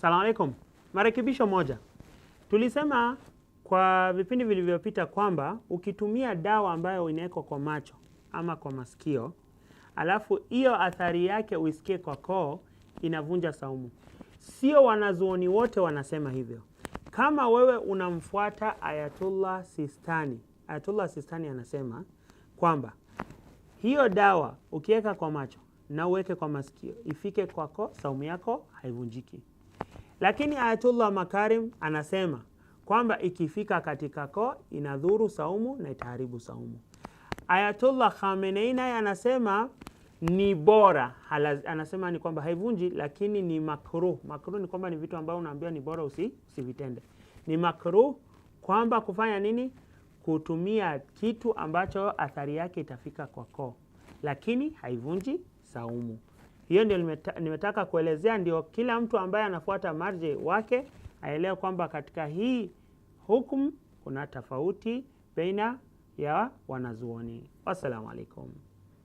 Salamu alaikum. Marekebisho moja, tulisema kwa vipindi vilivyopita kwamba ukitumia dawa ambayo inawekwa kwa macho ama kwa masikio, alafu hiyo athari yake uisikie kwa koo, inavunja saumu. Sio wanazuoni wote wanasema hivyo. Kama wewe unamfuata Ayatullah Sistani, Ayatullah Sistani anasema kwamba hiyo dawa ukiweka kwa macho na uweke kwa masikio, ifike kwako, saumu yako haivunjiki. Lakini Ayatullah Makarim anasema kwamba ikifika katika koo inadhuru saumu na itaharibu saumu. Ayatullah Khamenei naye anasema ni bora Hala, anasema ni kwamba haivunji, lakini ni makruh. Makruh ni kwamba ni vitu ambavyo unaambiwa ni bora usi, usivitende. Ni makruh kwamba kufanya nini? Kutumia kitu ambacho athari yake itafika kwa koo, lakini haivunji saumu. Hiyo ndio nimetaka kuelezea, ndio kila mtu ambaye anafuata marje wake aelewe kwamba katika hii hukumu kuna tofauti baina ya wanazuoni. Wassalamu alaikum.